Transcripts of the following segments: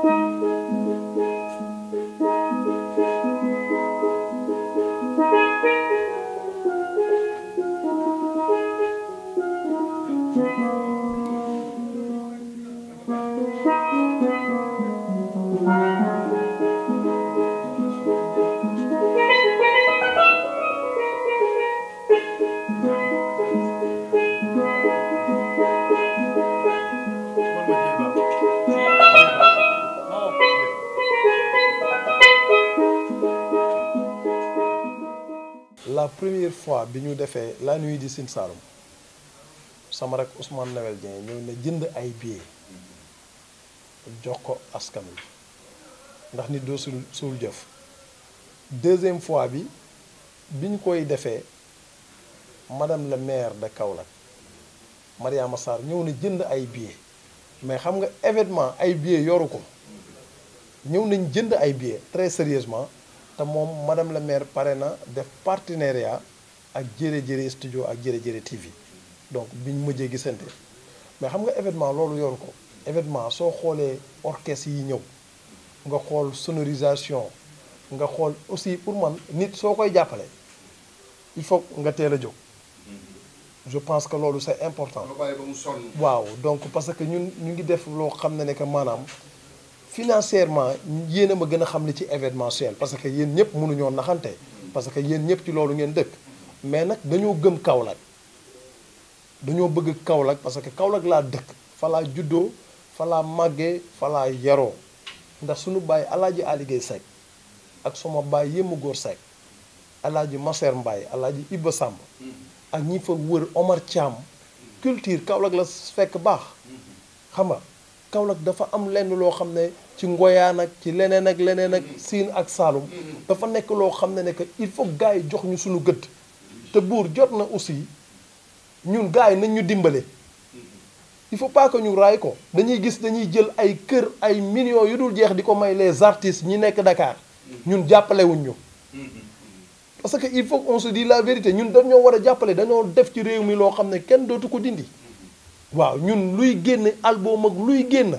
thank you la première fois bi ñu defee la nuit di Sine Saloum sama rek Ousmane Noël Dieng ñëw na jënd ay billets jox ko askan wi ndax nit doo sul suul jëf deuxième fois bi bi ñu koy defee madame la maire de Kaolack Mariama Sarr ñëw na jënd ay billets mais xam nga événement ay billets yoru ko ñëw nañ jënd ay billets très sérieusement te moom madame la maire pare na def partenariat ak jëre studio ak jëre jëre TV donc biñ mujjee gisante mais xam nga événement loolu yoru ko événement soo xoolee orchestre yi ñëw nga xool sonorisation nga xool aussi pour man nit soo koy jàppale il faut nga teel a jóg je pense que loolu c'est important waaw donc parce que ñun ñu ngi def loo xam ne ne que maanaam financièrement yéen a ma gën a xam li ci événementiel parce que yéen ñëpp mënuñoo naxante parce que yéen ñëpp ci loolu ngeen dëkk mais nag dañoo gëm Kaolack dañoo bëgg Kaolack parce que Kaolack laa dëkk fa laa juddoo fa laa màggee fa laa yaroo ndax suñu bàyyi alaaji Ali Guèye Seck ak sama bàyyi yémma góor Seck ji Maseer Mbaye alaaji Ibba Samb ak ñi fa wër Omar Thiam culture Kaolack la fekk baax xam nga kaw Kaolack dafa am lenn loo xam ne ci ngoyaan ak ci leneen ak leneen ak siin ak saalum dafa nekk loo xam ne ne que il faut gars yi jox ñu suñu gëdd te buur jot na aussi ñun gars yi nañ ñu dimbale il faut pas ñu raay ko dañuy gis dañuy jël ay kër ay millions yu dul jeex di ko may les artistes ñi nekk Dakar ñun jàppalewuñ ñu parce que il faut qu'on se la vérité ñun dañoo war a jàppale dañoo def ci réew mi loo xam ne kenn dootu ko dindi waaw ñun luy génn album ak luy génn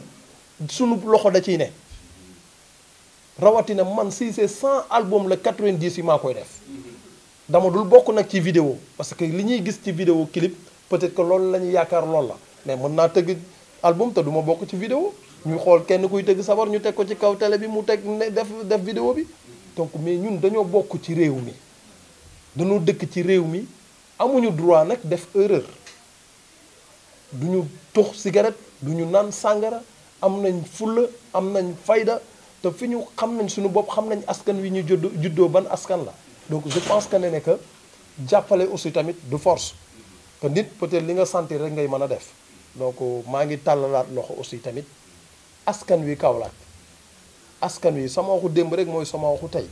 sunu loxo da ciy ne rawatina man si c'est cent album la quatre vingt koy def dama bokk nag ci vidéo parce que li ñuy gis ci vidéo clip peut-être que loolu la ñu yaakaar loolu la mais mën naa tëgg album te du ma bokk ci vidéo ñuy xool kenn kuy tëgg sabar ñu teg ko ci kaw tele bi mu teg ne def def vidéo bi donc mais ñun dañoo bokk ci réew mi dañoo dëkk ci réew mi amuñu droit nag def erreur du ñu tux cigarette du ñu naan sàngara am nañ fulla am nañ fayda te fi ñu xam nañ suñu bopp xam nañ askan wi ñu judd juddoo ban askan la donc je pense que ne ne que jàppale aussi tamit de force te nit peut li nga sentir rek ngay mën a def donc maa ngi tàllalaat loxo aussi tamit askan wi Kaolack askan wi sama waxu démb rek mooy sama waxu tey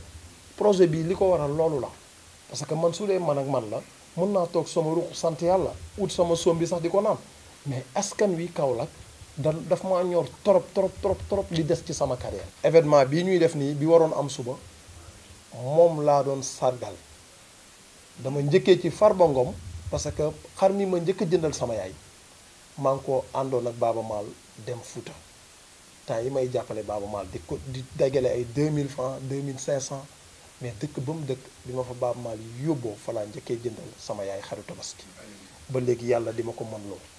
projet bii li ko waral loolu la parce que man su dee man ak man la mën naa toog sama ruq sant yàlla wut sama soom bi sax di ko naan mais askan wi Kaolack da daf ma ñor trop trop trop trop li des ci sama carrière événement bii ñuy def nii bi waroon am suba moom laa doon sargal dama njëkkee ci Farba Ngom parce que xar mi ma njëkk a jëndal sama yaay maa ngi ko àndoon ak Baaba Maal dem Fuuta temps yi may jàppale Baaba Maal di ko di dagale ay 2000 francs 2500 mais dëkk ba mu dëkk bi ma fa Baaba Maal yóbboo falaa njëkkee jëndal sama yaay xaru tabaski ba léegi yàlla di ma ko mën loolu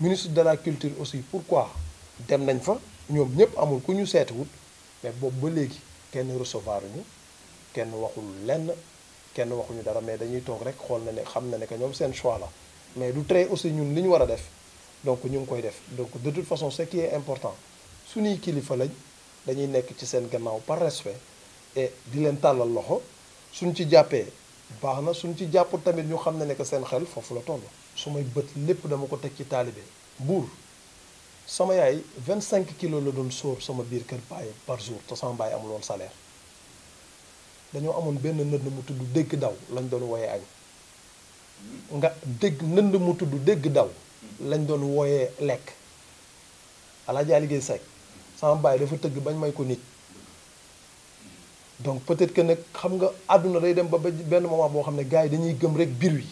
ministre de la culture aussi pourquoi dem nañ fa ñoom ñëpp amul ku ñu seetiwut mais boobu ba léegi kenn recevoir ñu kenn waxul lenn kenn waxuñu dara mais dañuy toog rek xool na ne xam na ne que ñoom seen choix la mais du trait aussi ñun li ñu war a def donc ñu ngi koy def donc de toute façon ce qui est important suñuy kilifa lañ dañuy nekk ci seen gannaaw par respect di leen tàllal loxo suñ ci jàppee baax na suñ ci jàppul tamit ñu xam ne ne que seen xel foofu la toll. su may bët lépp dama ko teg ci taalibe buur sama yaay vingt cinq kilos la doon sóor sama biir kër bàyyi par jour te sama bàyyi amul woon dañoo amoon benn nënd mu tudd dégg daw lañ doon wooyee añ nga dégg nënd mu tudd dégg daw lañ doon wooyee lekk Alaaji Ali Guèye Seck sama bàyyi dafa tëgg bañ may ko nit donc peut-être que nag xam nga àdduna day dem ba benn moment boo xam ne gars yi dañuy gëm rek biir wi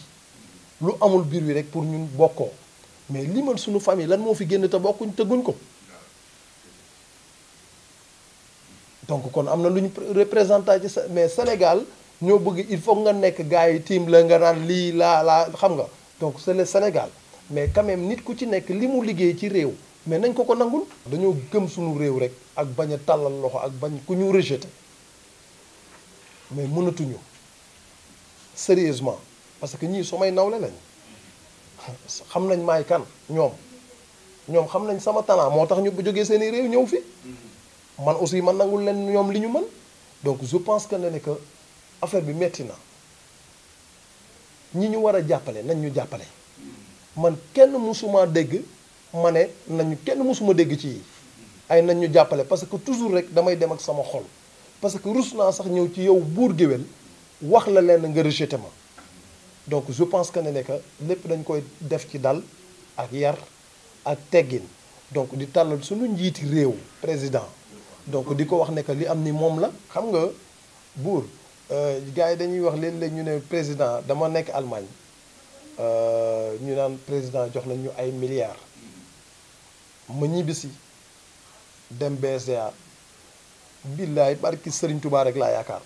lu amul biir wi rek pour ñun bokkoo mais li man suñu famille lan moo fi génn te bokkuñ tëgguñ ko donc kon am na lu ñu représenté ci sa mais Sénégal ñoo bëgg il faut nga nekk gars yi tiim la nga naan lii laa laa xam nga donc c'est Sénégal mais quand nit ku ci nekk li mu liggéey ci réew mais nañ ko ko nangul dañoo gëm suñu réew rek ak bañ a tàllal loxo ak bañ ku ñu rejeté mais mënatuñu sérieusement parce que ñii su may nawle lañ xam nañ maay kan ñoom ñoom xam nañ sama talent moo tax ñu bu jógee seen i réew ñëw fi man aussi man nangul leen ñoom li ñu man donc je pense que ne ne que affaire bi metti na ñi ñu war a jàppale nañ ñu jàppale man kenn musuma dégg ma ne nañ kenn musuma dégg ci yi ay nañ ñu jàppale parce que toujours rek damay dem ak sama xol parce que rus naa sax ñëw ci yow buur géwél wax la leen nga rejeté ma donc je pense que ne ne que lépp dañ koy def ci dal ak yar ak teggin donc di tàll suñu njiiti réew président donc di ko wax ne que li am ni moom la xam nga buur euh, gars yi dañuy wax leen léeg ñu ne président dama nekk Allemagne euh, ñu naan président jox nañ ay milliards ma ñibbisi dem BCA billaay barki Serigne tubaar rek laa yaakaar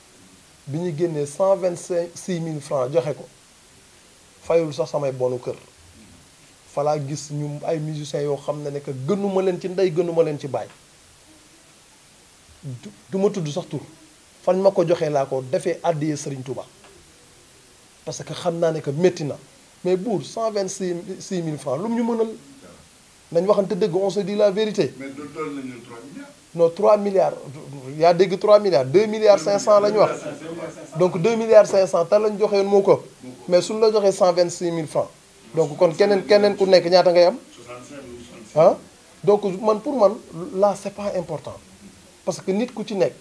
bi ñu génnee cent vingt cinq six mille francs joxe ko fayul sax samay bonu kër falaa gis ñu ay musiciens yoo xam ne ne que gënuma leen ci ndey gënuma leen ci baay du ma tudd sax tur fan ma ko joxee laa ko defee àddiyee Serigne Touba parce que xam naa ne que métti na mais buur cent vingt six six mille francs lu mu ñu mënal nañ waxante dëgg on se dit la vérité. noo doon doon nañu trois milliards. non trois milliards yaa dégg trois milliards deux milliards cinq cent la ñu wax donc deux milliards cinq cent te lañ joxee moo ko. mais suñ la joxee cent vingt six mille francs donc kon keneen keneen ku nekk ñaata ngay am ah donc man pour man là c'est pas important parce que nit ku ci nekk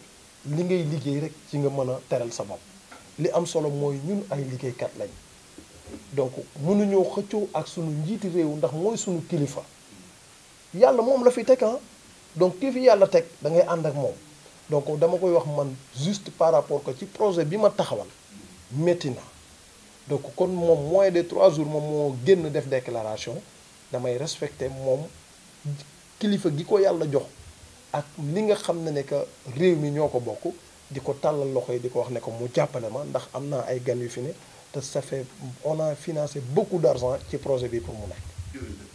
li ngay liggéey rek ci nga mën a teral sa bopp li am solo mooy ñun ay liggéeykat lañ donc mënuñoo xëccoo ak sunu njiiti réew ndax mooy suñu kilifa yàlla moom la fi teg ah donc kii fi yàlla teg da ngay ànd ak moom donc dama koy wax man juste par rapport que ci projet bi ma taxawal métti na donc kon moom mooy de trois jours moom moo génn def déclaration damay respecté moom kilifa gi ko yàlla jox ak li nga xam ne ne que réew mi ñoo ko bokk di ko tàllal loxo yi di ko wax ne ko mu jàppale ma ndax am naa ay gan yu fi ne te ça fait on a bokku beaucoup d'argent ci projet bi pour mu nekk